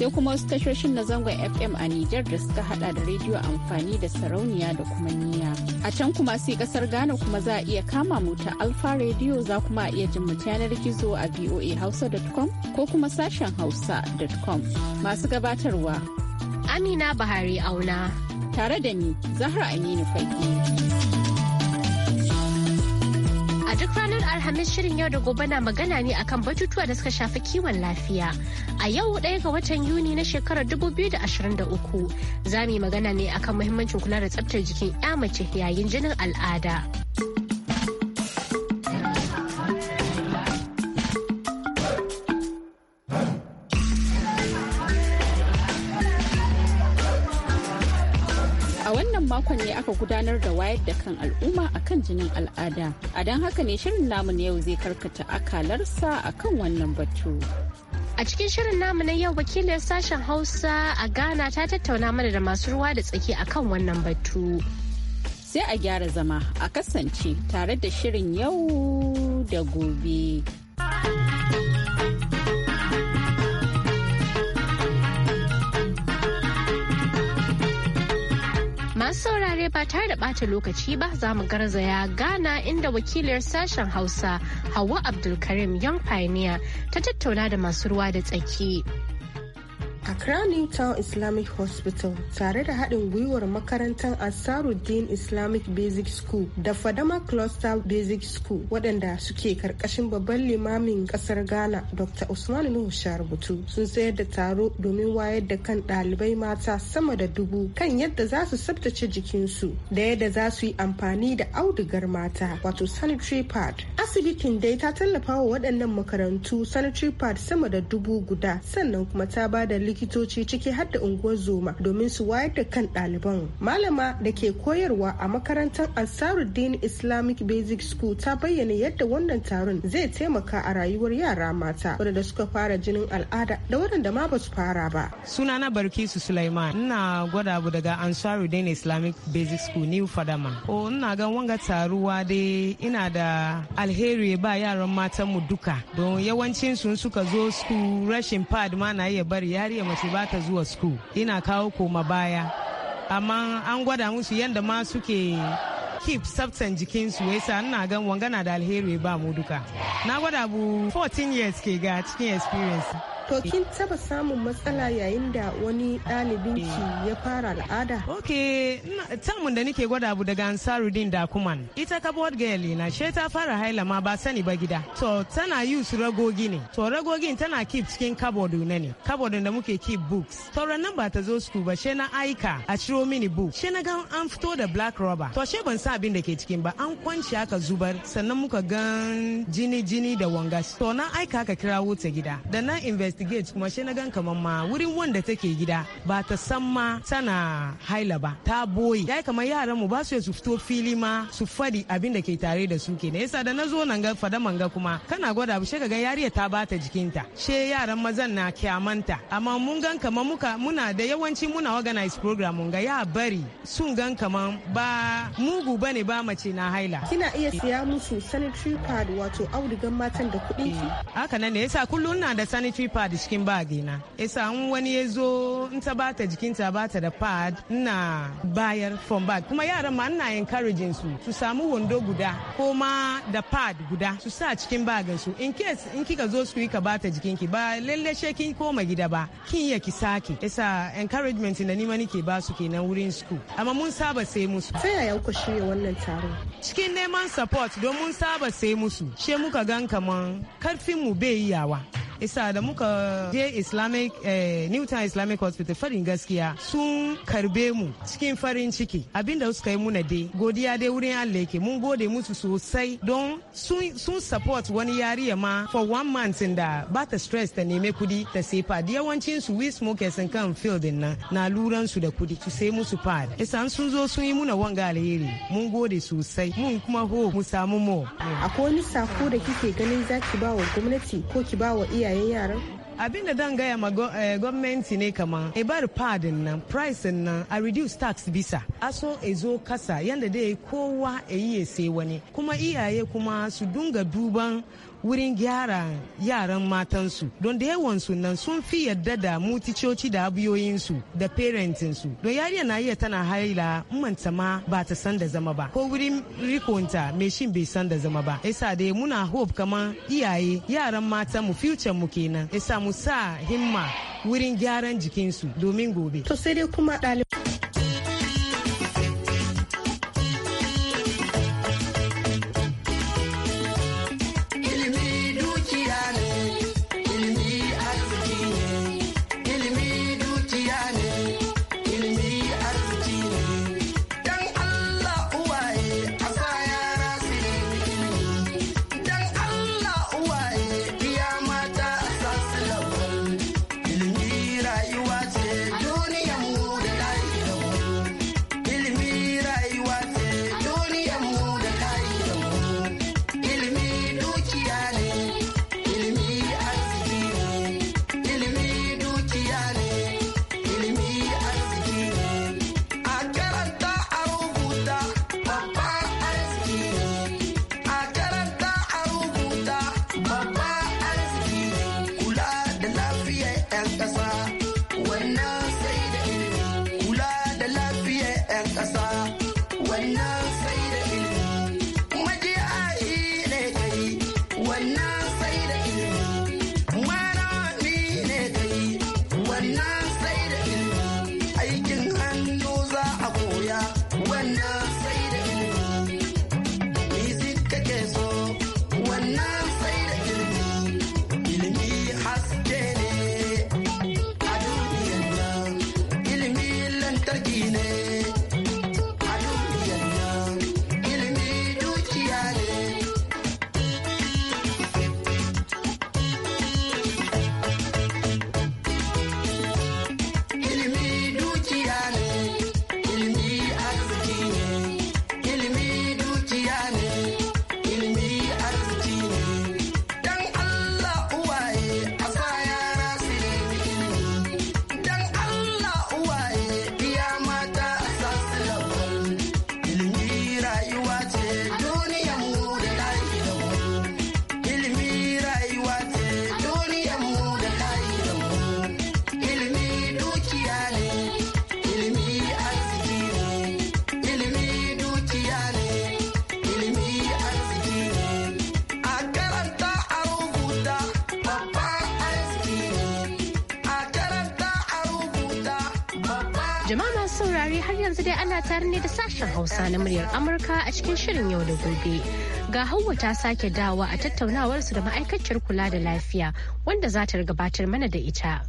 sai kuma wasu tashoshin na zangon fm a nijar da suka hada da rediyo amfani da sarauniya da kuma niya a can kuma sai kasar ghana kuma za a iya kama mu ta alfa rediyo za kuma a iya jin mu yanar gizo a voahausa.com ko kuma sashen hausa.com masu gabatarwa amina bahari auna tare da ni zahra aminu faifi. duk ranar Alhamis shirin yau da gobe na magana ne akan batutuwa da suka shafi kiwon lafiya. A yau ɗaya ga watan Yuni na shekarar dubu biyu da 2023 za mu yi magana ne akan muhimmancin kula da tsaftar jikin 'ya mace yayin jinin al'ada. aka gudanar da wayar da kan al'umma akan jinin al'ada. A don haka ne shirin namu na yau zai karkata akalarsa a kan wannan batu. A cikin shirin namu na yau wakilin sashen Hausa a Ghana ta tattauna mana da masu ruwa da tsaki a kan wannan batu. Sai a gyara zama a kasance tare da shirin yau da gobe. Masu saurare ba tare da ɓata lokaci ba za mu garzaya Ghana inda wakiliyar sashen Hausa Hawa Abdulkarim Young Pioneer ta tattauna da masu ruwa da tsaki. Accra Town Islamic Hospital tare da haɗin gwiwar makarantar Asaruddin Islamic Basic School da Fadama Cluster Basic School waɗanda suke karkashin babban limamin ƙasar Ghana Dr. Usman Nuhu Sharbutu sun sayar da taro domin wayar da kan ɗalibai mata sama da dubu kan yadda za su tsabtace jikinsu da yadda za su yi amfani da audugar mata wato sanitary pad. Asibitin dai ta tallafa wa waɗannan makarantu sanitary pad sama da dubu guda sannan kuma ta ba da likita likitoci ciki har da unguwar zoma domin su wayar da kan ɗaliban malama da ke koyarwa a makarantar ansaruddin islamic basic school ta bayyana yadda wannan taron zai taimaka a rayuwar yara mata wadanda suka fara jinin al'ada da waɗanda ma ba su fara ba. Sunana Barkisu Sulaiman, ina gwada abu daga Dain Islamic Basic School New Fadama. O ina ga wanga taruwa dai ina da alheri ba yaran matan mu duka. Don yawancin sun suka zo school rashin pad ma na iya bari Yari ya mace ba ta zuwa school. Ina kawo koma baya. Amma an gwada musu yadda ma suke keep tsaftan jikinsu yasa ina gan wangana da alheri ba mu duka. Na gwada bu 14 years ke ga cikin experience. To kin taba samun matsala yayin da wani ɗalibin ki eh. ya fara al'ada? Ok, tamun da nake gwada abu daga Ansarudin Dakuman. Ita board girl na she ta fara haila ma ba sani ba gida. To tana use ragogi ne. To ragogin tana keep cikin kabod na ne. Kabod da muke keep books. To nan ba ta zo school ba she na aika a ciro mini book. She na ga an fito da black rubber. To she ban sa abin da ke cikin ba an kwanci aka zubar sannan muka gan jini jini da wangas. To na aika ka kira wuta gida. Da na invest investigate kuma shi na gan kaman ma wurin wanda take gida ba ta san ma tana haila ba ta boye ya kamar yaran mu ba su su fito fili ma su fadi abin da ke tare da su kenan yasa da na zo nan ga fada manga kuma kana gwada bu ga yariya ta bata jikinta she yaran mazan na kyamanta amma mun gan kamar muka muna da yawanci muna organize program mun ga ya bari sun gan kamar ba mugu bane ba mace na haila kina iya siya musu sanitary pad wato audigan matan da kudin ki eh, haka nan ne yasa kullun na da sanitary pad pad cikin na yasa in wani ya zo in ta bata jikinta bata da pad ina bayar from bag kuma yaran ma ina encouraging su su samu wando guda ko ma da pad guda su sa cikin bagin su in case in kika zo su yi ka bata jikinki ba lalle she kin koma gida ba kin ya ki sake yasa encouragement da nima nake ba su kenan wurin school amma mun saba sai musu ta yaya kuka shirya wannan taro cikin neman support don mun saba sai musu she muka gan kaman karfin mu bai yawa isa da muka je islamic eh, newton islamic hospital farin gaskiya sun karbe mu cikin farin ciki abinda suka yi muna dai godiya dai wurin allah yake mun gode musu sosai don sun support wani yari ma for one month da ba ta stress ta neme kudi ta sai pad yawancin su we smokers kan field na na luran su da kudi su sai musu pad isa sun zo sun yi muna wanga alheri mun gode sosai mun kuma ho mu samu mo akwai wani sako da kike ganin zaki ba wa gwamnati ko ki ba wa iya iyayen yaran abin da dan gaya ma eh, gwamnati ne kama e bar fadin nan price nan a reduce tax bisa aso e zo kasa yanda ya kowa iya e yi e sai wani kuma iyaye kuma su dunga duban wurin gyara yaran matansu don da yawan nan sun fi yadda da muticoci da abiyoyinsu da parentinsu don yariya na iya tana haila manta ma ba ta san da zama ba ko wurin rikonta mai shin bai san da zama ba isa dai muna hope kaman iyaye yaran matan mu future mu kenan isa mu musa sa himma wurin gyaran jikinsu domin gobe. To sai dai kuma ɗalibai. Jama'a masu saurare har yanzu dai ana tare ne da sashen Hausa na muryar Amurka a cikin shirin yau da gobe. Ga Hauwa ta sake dawa a tattaunawar su da ma'aikaciyar kula da lafiya wanda za ta gabatar mana da ita.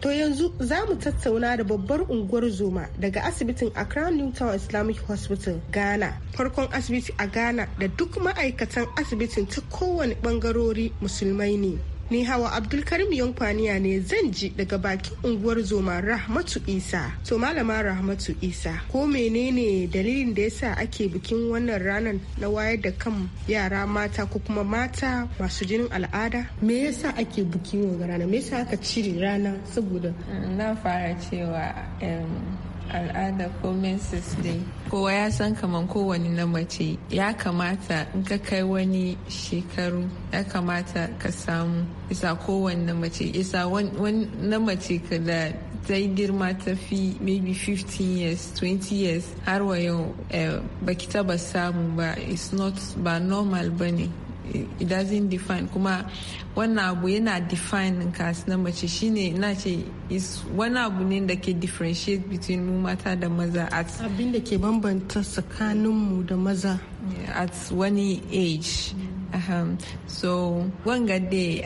To yanzu za mu tattauna da babbar unguwar zoma daga asibitin Accra Newtown Islamic Hospital Ghana. Farkon asibiti a Ghana da duk ma'aikatan asibitin ta kowane bangarori musulmai ne. Ni hawa Abdulkarim Yankwaniya ne zan ji daga bakin unguwar zoma Rahmatu Isa. To malama Rahmatu Isa, ko menene dalilin da yasa ake bikin wannan ranar na wayar da kan yara mata ko kuma mata masu jinin al'ada? Me yasa ake bikin wannan rana? Me yasa aka cire rana saboda? Na fara cewa al'ada ko menses dai kowa ya san kaman kowane na mace ya kamata in ka kai wani shekaru ya kamata ka samu isa kowane na mace isa wani na mace ka da ta yi girma ta fi maybe 15 years 20 years har wa yau eh, baki taba samu ba it's not ba normal ba ne it doesn't define kuma wannan abu yana define ka na mace shine na ce is wani abu ne da ke differentiate between mu mata da maza at abin da ke bambanta tsakanin mu da maza at wani age mm. so wanga dai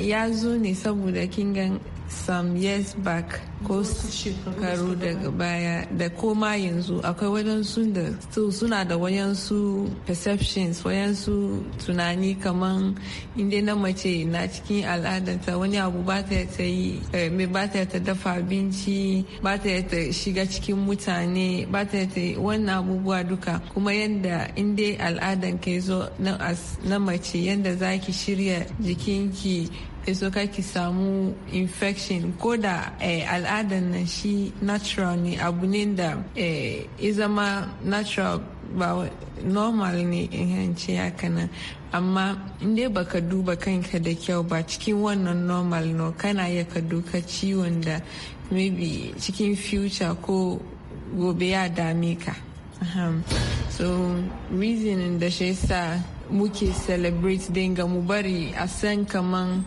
ya zo ne saboda kingan some years back ko shekaru daga baya da koma yanzu akwai wadansu da suna da wayansu perceptions wayansu tunani kaman inda na mace na cikin al'adanta wani abu ba ta ta yi eh, mai ba ta ta dafa abinci ba ta ta shiga cikin mutane ba ta ta wannan abubuwa duka kuma yadda inda al'adan ke zo na mace yadda za ki shirya jikinki ya so ki samu infection ko da eh, al'adan nan shi natural ne abu ne da eh, ya zama natural ba normal ne in haka nan amma inda baka duba kanka da kyau ba cikin wannan normal no kana iya ka duka ciwon da maybe cikin future ko gobe ya dame ka so reasoning da shi sa muke celebrate dinga mu bari a san kaman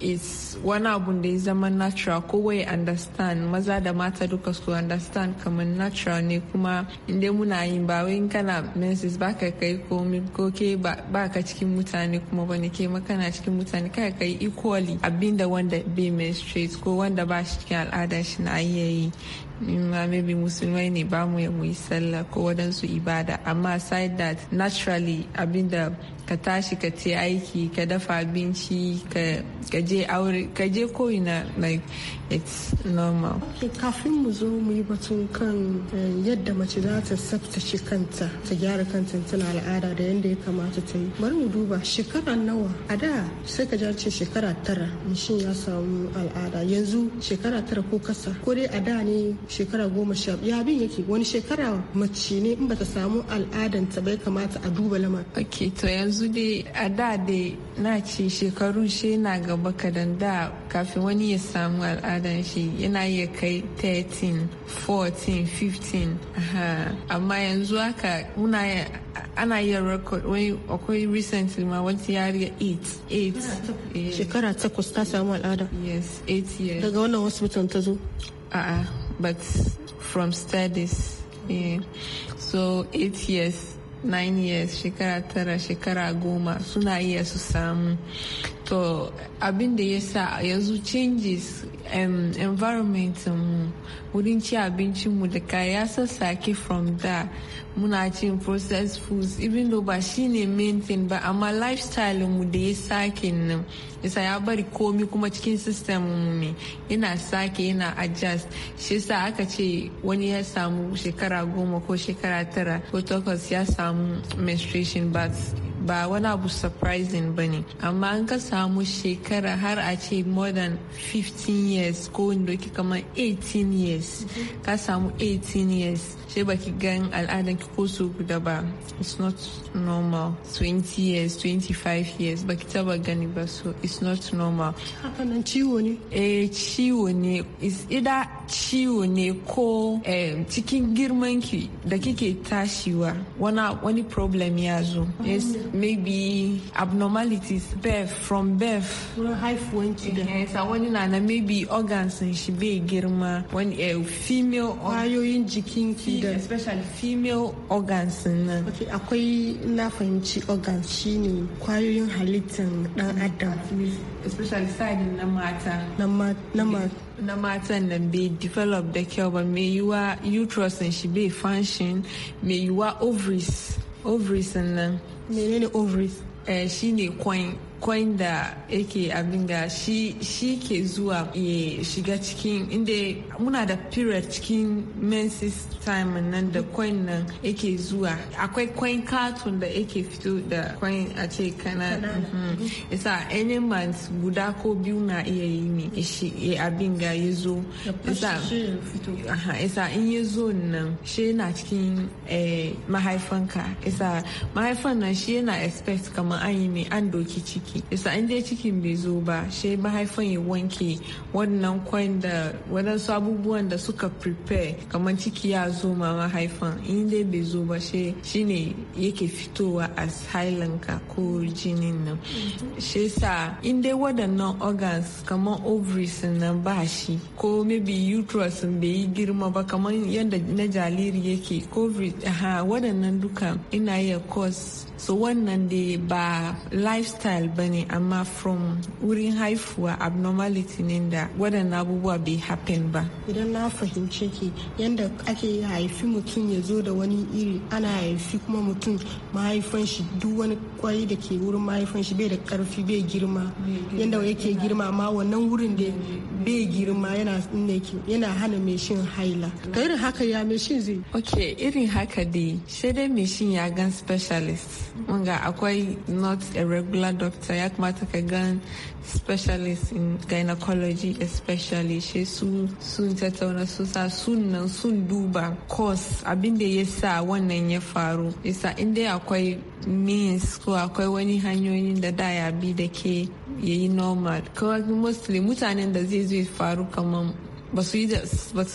is wani abun da ya zama natural kowa ya understand maza da mata duka su understand kamar natural ne kuma inda muna yi ba wai kana menses ba ka kai komi ko ke ba ka cikin mutane kuma bane ke makana cikin mutane ka kai equally abinda wanda bai menstruate ko wanda ba shi cikin al'ada shi na iya yi ma maybe musulmai ne ba mu yi sallah ko wadansu ibada amma aside that naturally abinda ka tashi ka ce aiki ka dafa abinci ka je aure ka je ko like it's normal kafin mu zo mu yi batun kan eh, yadda mace za ta tsaftace kanta ta gyara kanta tana al'ada da yadda ya kamata ta yi bari mu duba shekara nawa a da sai ka ce shekara tara mishin ya samu al'ada yanzu shekara tara ko kasa ko dai a da ne shekara goma sha ya bin yake wani shekara mace ne in bata samu al'adan ta bai kamata a duba lamar okay to yanzu dai a da dai na ce shekaru she na gaba kadan da kafin wani ya samu al'adan shi yana iya kai 13 14 15 amma yanzu haka muna ana yin record wani akwai recently ma wata yariya 8 8 shekara takwas ta samu al'ada yes 8 years daga wannan wasu mutum ta zo a'a but from studies yeah. so 8 years 9 years shekara tara shekara goma suna iya su samu to abin da ya sa yanzu changes um, environment mu wurin ci abincinmu da kaya sassake from da muna cin processed foods even though ba shi ne main thing ba amma lifestyle mu da ya sake nan yasa ya bari komi kuma cikin system mu ne yana sake yana adjust shi sa aka ce wani ya samu shekara goma ko shekara tara ko takwas ya samu menstruation ba wani abu surprising ba ne amma an ka samu shekara har a ce more than 15 years ko wanda kamar 18 years ka samu 18 years sai baki gan al'adan ki ko su guda ba it's not normal 20 years 25 years baki taba gani ba so it's not normal hakanan ciwo ne eh ciwo ne is ida ciwo ne ko eh, cikin girman ki da kike tashiwa wana wani problem ya zo yes maybe abnormalities birth from birth wurin haifuwanki da yes eh, wani na na maybe organs shi bai girma wani eh, female kwayoyin ki. da especially female organs nan mm. okay akwai na fahimci organs shine kwayoyin halittan dan adam especially side na mata na na matan nan bai develop da kyau ba mai yiwa uterus shi bai function mai yiwa ovaries ovaries nan menene ovaries eh, shine coin coin da yake abin da shi ke zuwa ya shiga cikin inda muna da period cikin menses time nan da coin nan yake zuwa akwai coin cartoon da yake fito da coin a ce kana isa any month guda ko biyu na iya yi ne ya abin ga ya zo isa in ya zo nan shi yana cikin eh, mahaifanka isa mahaifan nan shi yana expect kamar an yi mai an doki ciki ciki isa an je cikin bai zo ba shi mahaifan ya wanke wannan kwan da waɗansu abubuwan da suka prepare kamar ciki ya zo ma mahaifan in dai bai zo ba shi shine yake fitowa a hailanka ko jinin nan shi sa in dai waɗannan organs kamar ovaries nan ba shi ko maybe uterus bai yi girma ba kamar yadda na jariri yake ko waɗannan duka ina iya cause so wannan dai ba lifestyle ba ne amma from wurin haifuwa abnormality ne da waɗannan abubuwa bai happen ba idan na fahimce ki yadda ake haifi mutum ya zo da wani iri ana haifi kuma mutum mahaifan shi duk wani kwai da ke wurin mahaifan shi bai da karfi bai girma yadda yake girma amma wannan wurin da bai girma yana yana hana mai shin haila ka irin haka ya mai shin zai ok irin haka dai sai dai mai shin ya gan specialist wanga akwai not a regular doctor ya kamata ka gan specialist in gynecology especially she su sun tattauna su sa sun nan sun duba course abin da ya sa wannan ya faru isa inda akwai means ko akwai wani hanyoyin da da ya bi da ke yayi normal kawai mostly mutanen da zai zai faru kamar ba su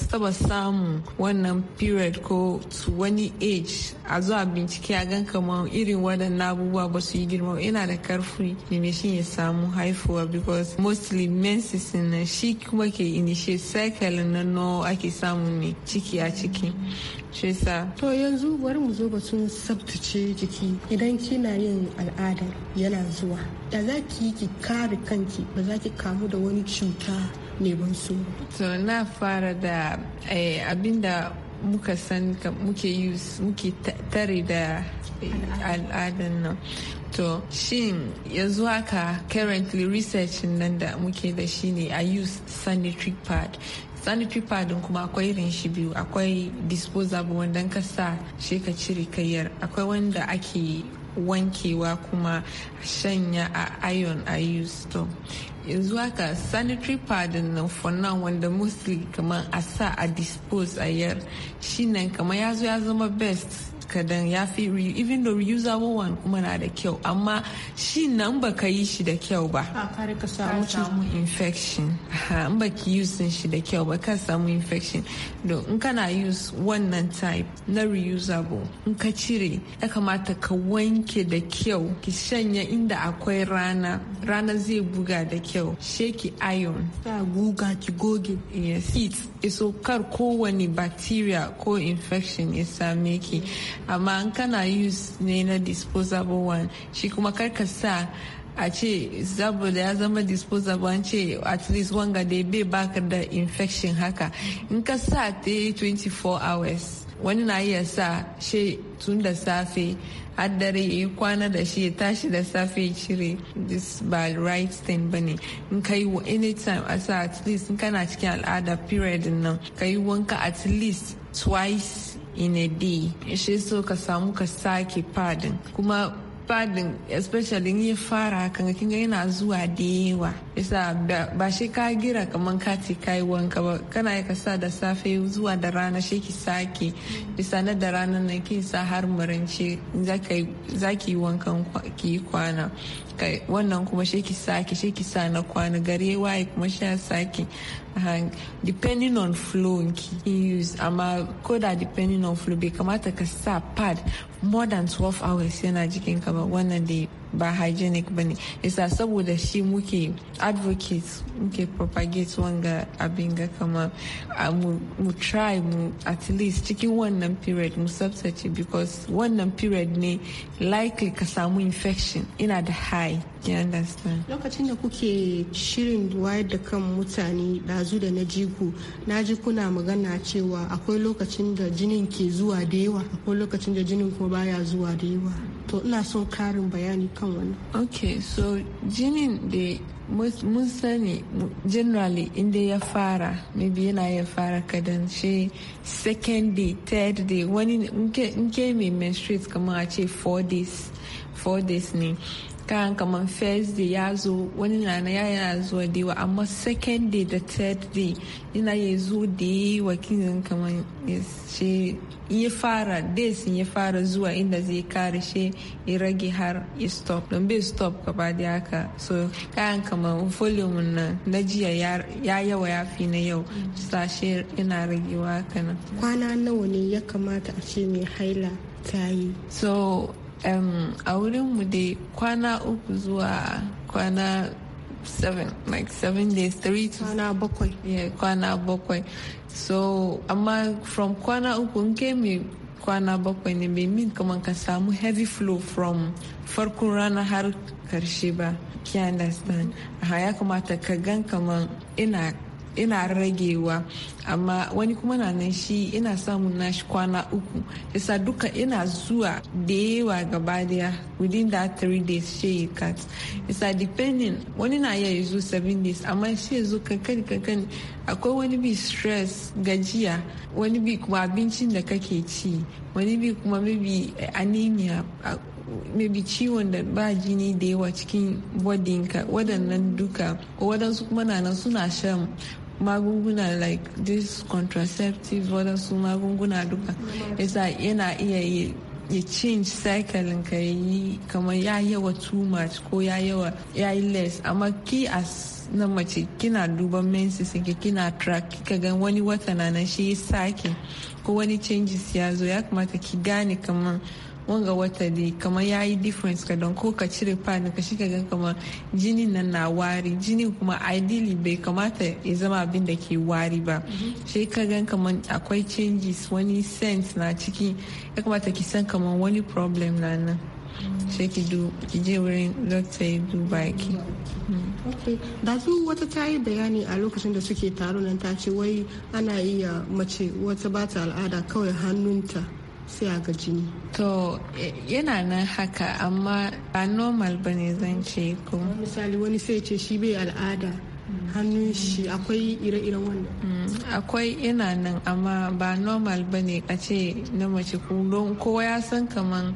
taba samun wannan period ko wani age a zuwa bincike a gan kamar irin waɗannan abubuwa ba su yi girma yana da karfi ne shi ya samu haifuwa because mostly menses na shi kuma ke initiate cycle na no ake samu ne ciki a ciki shi sa to yanzu bari mu zo batun tsabtace jiki idan kina yin al'ada yana zuwa da za ki yi ki kare kanki ba za ki kamu da wani cuta su to na fara da eh, abinda muka san muke muke tare da eh, al'adan nan to shin yanzu haka currently research nan da muke da shi ne a use sanitary pad sanitary pad kuma akwai irin shi biyu akwai disposable wanda ka sa shi ka cire kayyar akwai wanda ake wankewa kuma shanya a iron a use to yanzu haka sanitary pad nan for now wanda mostly kamar a sa a dispose a yar shi nan kamar ya ya zama best kadan ya fi even though reusable one kuma na da kyau amma shi nan ba ka yi shi da kyau ba ka samu infection in ba ki use shi da kyau ba ka samu infection don in kana use wannan type na reusable in ka cire ya kamata ka wanke da kyau ki shanya inda akwai rana rana zai buga da kyau sheki iron ta guga ki goge yes it iso kar kowane bacteria ko infection ya same ki amma an kana use ne na disposable one shi kuma karka sa a ce saboda ya zama disposable an ce at least wanga da bai baka da infection haka in ka sa ta 24 hours wani na iya sa she tun da safe har ya yi kwana da shi ya tashi da safe ya cire this ba right thing ba ne in ka yi anytime a sa at least in kana cikin al'ada period nan ka yi wanka at least twice Inadi ya so ka samu ka sake fadin kuma fadin especially in ya fara kan kin ga yana zuwa da yawa isa ba shi ka gira kaman ka ce kai wanka ba kana ka sa da safe zuwa da rana shi ki sake isa na da rana nan ki sa har murance za ki yi wankan ki kwana wannan kuma shi ki sake shi ki sa na kwana gare waye kuma shi sake depending on flow ki use amma ko da depending on flow bai kamata ka sa pad more than 12 hours yana jikinka ba wannan dai ba hygienic ba ne isa saboda shi muke advocate muke propagate wanga abin ga kama mu try mu at least cikin wannan period mu substitute because wannan period ne likely ka samu infection ina da high you understand lokacin da kuke shirin wayar da kan mutane dazu da na jiku na ji kuna magana cewa akwai lokacin da jinin ke zuwa da yawa akwai lokacin da jinin kuma baya zuwa da yawa to ina so karin bayani kan wannan ok so jinin da mun sani generally inda ya fara maybe yana ya fara kadan shi second day third day wani nke mai menstruate kamar a ce four days four days ne kayan kamar first day ya zo wani na na yana zuwa da yawa amma second day da third day yana ya zo da yawa kinin kamar in ya fara days ya fara zuwa inda zai kare shi ya rage har ya stop don bai stop gaba da haka so kayan kamar volume na na jiya ya yawa ya fi na yau sashe yana ragewa kana kwana nawa ne ya kamata a ce mai haila ta yi so a wurinmu dai kwana uku zuwa kwana seven like seven days three to kwana bakwai yeah kwana bakwai so amma from kwana uku nke mai kwana bakwai ne mai min kamar ka samu heavy flow from farkon rana har karshe ba ki understand ya kamata ka gan kamar ina ina ragewa amma wani kuma na nan shi ina samun nashi kwana uku yasa duka ina zuwa da yawa gaba daya within that three days she yi cut yasa depending wani na iya zo seven days amma shi ya zo kankani kankani akwai wani bi stress gajiya wani bi kuma abincin da kake ci wani bi kuma maybe anemia maybe ciwon da ba jini da yawa cikin bodinka waɗannan duka waɗansu kuma na nan suna shan magunguna like this contraceptive su magunguna duka yasa yana iya ya change cycle ka yi kamar ya yawa too much ko ya yawa ya yi less amma ki as na mace kina duba menses ki kina track kika gan wani wata na nan shi sake ko wani changes ya zo ya kamata ki gane kamar wanga wata dai kamar ya yi difference ka don ko ka cire pad ka shiga gan kamar jinin nan na wari jini kuma ideally bai kamata ya zama abin da ke wari ba mhm. shi ka gan kamar akwai changes wani sense na ciki ya kamata ki san kamar wani problem na nan mhm. sai ki je wurin doctor ya duba ki. Mhm. Mm. da su wata ta yi bayani a lokacin da suke taro nan ta ce wai ana iya mace wata bata al'ada kawai hannunta sai a ga jini to eh, yana nan haka amma ba normal ba ne zan ce ko misali wani sai ce shi bai al'ada hannun shi akwai ire-iren wanda mm, akwai yana nan amma ba normal ba ne a ce na mace don kowa ya san kaman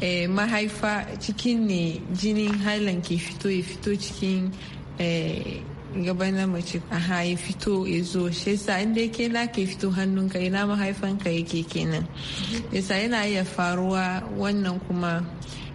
eh, mahaifa cikin ne jinin hailan ke fito ya fito cikin eh, gaban na mace aha ya fito ya zo shi sa inda yake na ke fito hannunka ina mahaifanka yake kenan yasa yana iya faruwa wannan kuma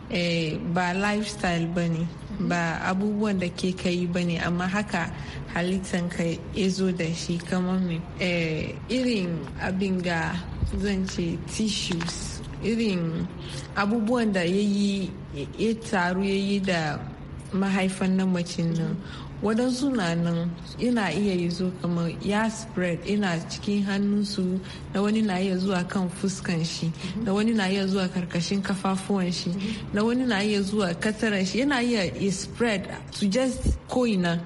eh, ba lifestyle ba ne ba abubuwan da ke kai ba ne amma haka halittanka ya zo da shi kamar mai eh, irin abin ga zan ce tissues irin abubuwan da ya yi ya taru ya yi da mahaifan na mace nan waɗansu na nan ina iya yi zo kamar ya spread ina cikin hannunsu na wani na iya zuwa kan fuskan shi na wani na iya zuwa karkashin kafafuwan shi na wani na iya zuwa kataran shi yana iya spread to just koina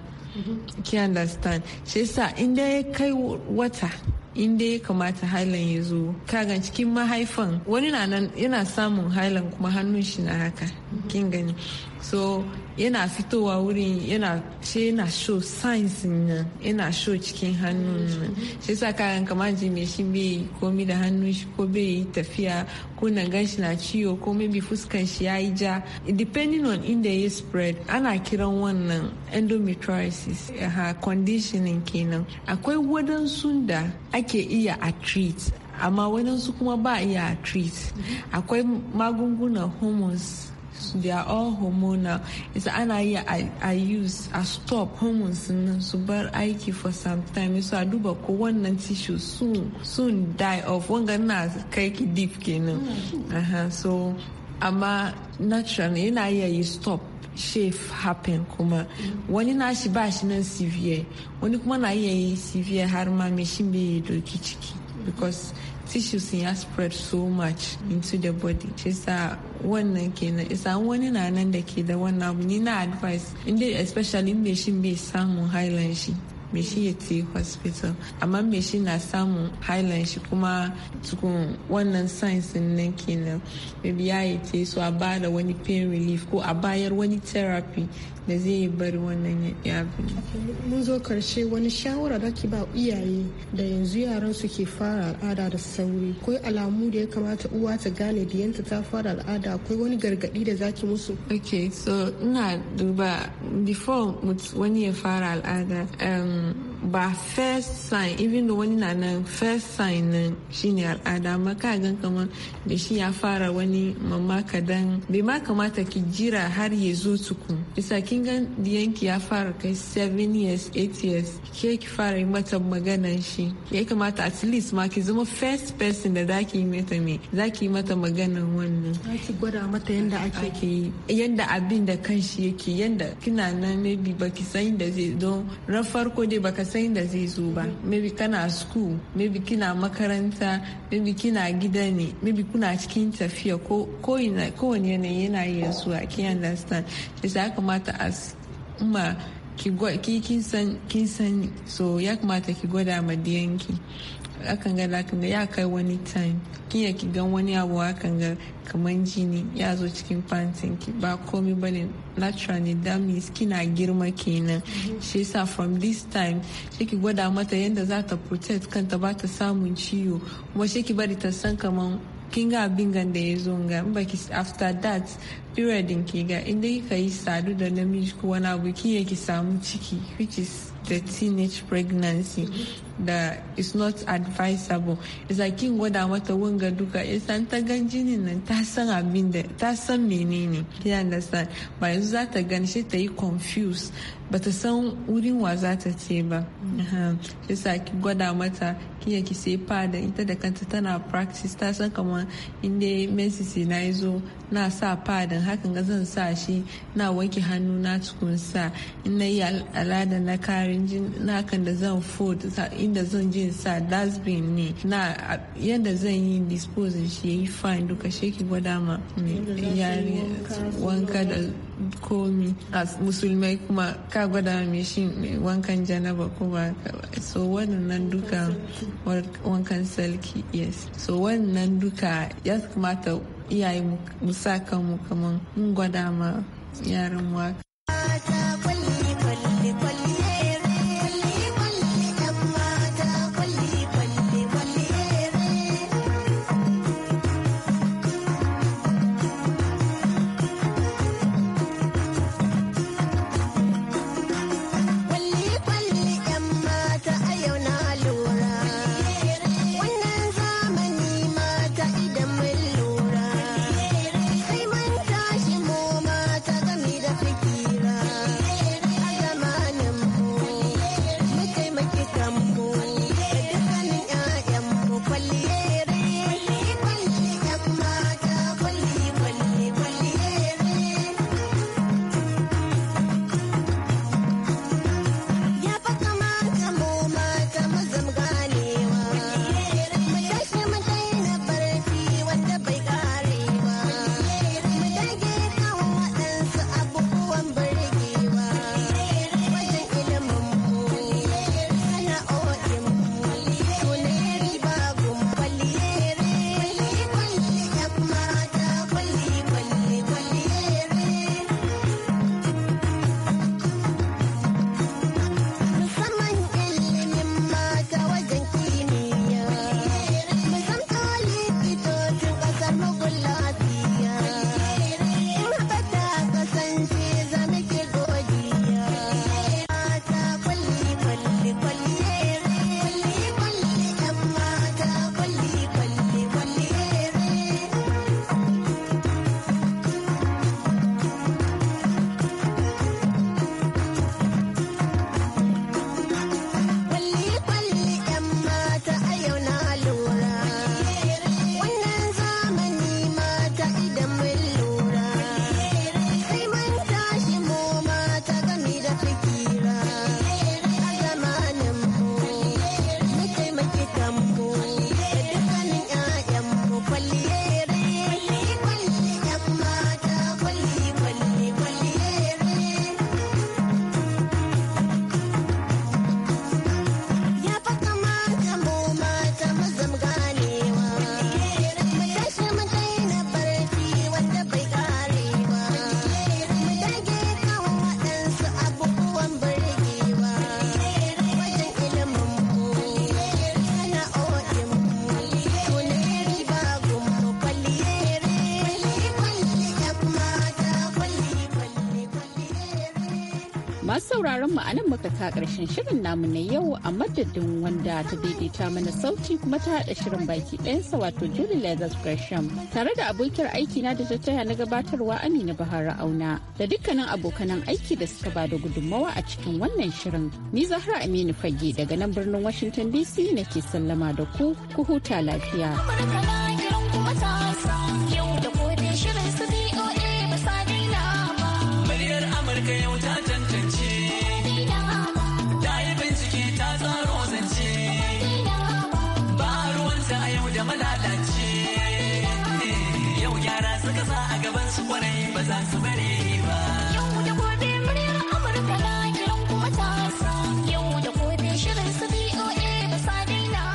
ki understand shi sa inda ya kai wata inda ya kamata hailan ya zo kagan cikin mahaifan wani na nan yana samun hailan kuma hannun shi na haka kin gani so yana fitowa wuri yana shi yana show signs nan yana show cikin hannu nan shi sa kayan kamar ji mai shi bai komi da hannu shi ko bai tafiya ko na gan na ciwo ko maybe fuskan shi ya yi ja depending on inda ya spread ana kiran wannan endometriosis ha conditioning kenan akwai wadansu da ake iya a treat amma wadansu kuma ba iya a treat akwai magungunan hormones they are all hormonal is ana yi a use a stop hormones nan su bar aiki for some time so a duba ko wannan tissue soon soon die off wanga na kai ki deep kenan mm. so amma natural yana iya yi stop shave happen kuma mm. wani shi ba shi nan severe wani kuma na iya yi severe har ma mai shi bai doki ciki mm. because sun ya spread so much into the body shi wannan kenan isa wani na nan da ke da wannan abu ni na advice inda especially inda shi bai samun highland shi me shi ya ce hospital amma me shi na samun highland shi kuma tukun wannan science nan kenan maybe ya yi a ba da wani pain relief ko a bayar wani therapy da zai bar wannan ya mun zo karshe wani shawara da ke ba iyaye da yanzu yaran su ke fara al'ada da sauri akwai alamu da ya kamata uwa ta gane da yanta ta fara al'ada akwai wani gargadi da zaki musu ok so ina duba before wani ya fara al'ada um, ba first sign even though wani na nan first sign nan shine al'ada maka gan kamar da shi ya fara wani mamma kadan bai ma kamata ki jira har ya zo tukun bisa kin gan diyanki ya fara kai 7 years 8 years ke ki fara yi mata maganan shi ya kamata at least ma ki zama first person da zaki yi mata me zaki yi mata maganan wannan zaki gwada mata yanda ake yi yanda abin da kanshi yake yanda kina nan maybe baki san da zai don ran farko dai baka san da zai zo ba maybe kana school maybe kina makaranta maybe kina gida ne maybe kuna cikin tafiya ko wani yanayi yana iya zuwa kin understand da ya kamata as ma kin san so ya kamata ki gwada ma diyanki akan ga da ya kai wani time kin ya ki gan wani abu akan ga kaman jini ya zo cikin fantin ki ba komai bane natural ne that means kina girma kenan mhm. shi yasa from this time shi ki gwada mata yadda za ta protect kanta ba ta samun ciwo kuma shi ki bari ta san kaman kin ga abin da ya zo ga baki after that iradin ki ga inda ka yi sadu da namiji ko wani abu ki ki samu ciki which is the teenage pregnancy da is not advisable like kin gwada mata wanga duka isan ta gan jinin nan ta san abin da ta san menene ki understand ba yanzu za ta gan shi ta yi confuse ba ta san wurin wa za ta ce ba isa ki gwada mata kiya ki sai fada ita da kanta tana practice ta san kamar inda mesisi na zo na sa fadin hakan ga zan sa shi na wanke hannu na cikin sa in na yi al'ada na karin jin na kan da zan food inda zan jin sa dustbin ne na yadda zan yi dispose shi yayi fine duka shekin gwada ma yari wanka da komi a musulmai kuma ka gwada mai shi wankan janaba ko ba so wannan duka wankan salki yes so wannan duka ya kamata iyaye mu sa kanmu kaman mun gwada ma yaran waka. Masu sauraron mu anan muka ka karshen shirin namu na yau a madadin wanda ta daidaita mana sauti kuma ta haɗa shirin baki ɗayansa wato Julie Leathers Gresham tare da abokiyar aiki na da ta taya na gabatarwa Amina Bahara Auna da dukkanin abokanan aiki da suka ba da gudunmawa a cikin wannan shirin. Ni Zahra Aminu Fage daga nan birnin Washington DC nake sallama da ku ku huta lafiya.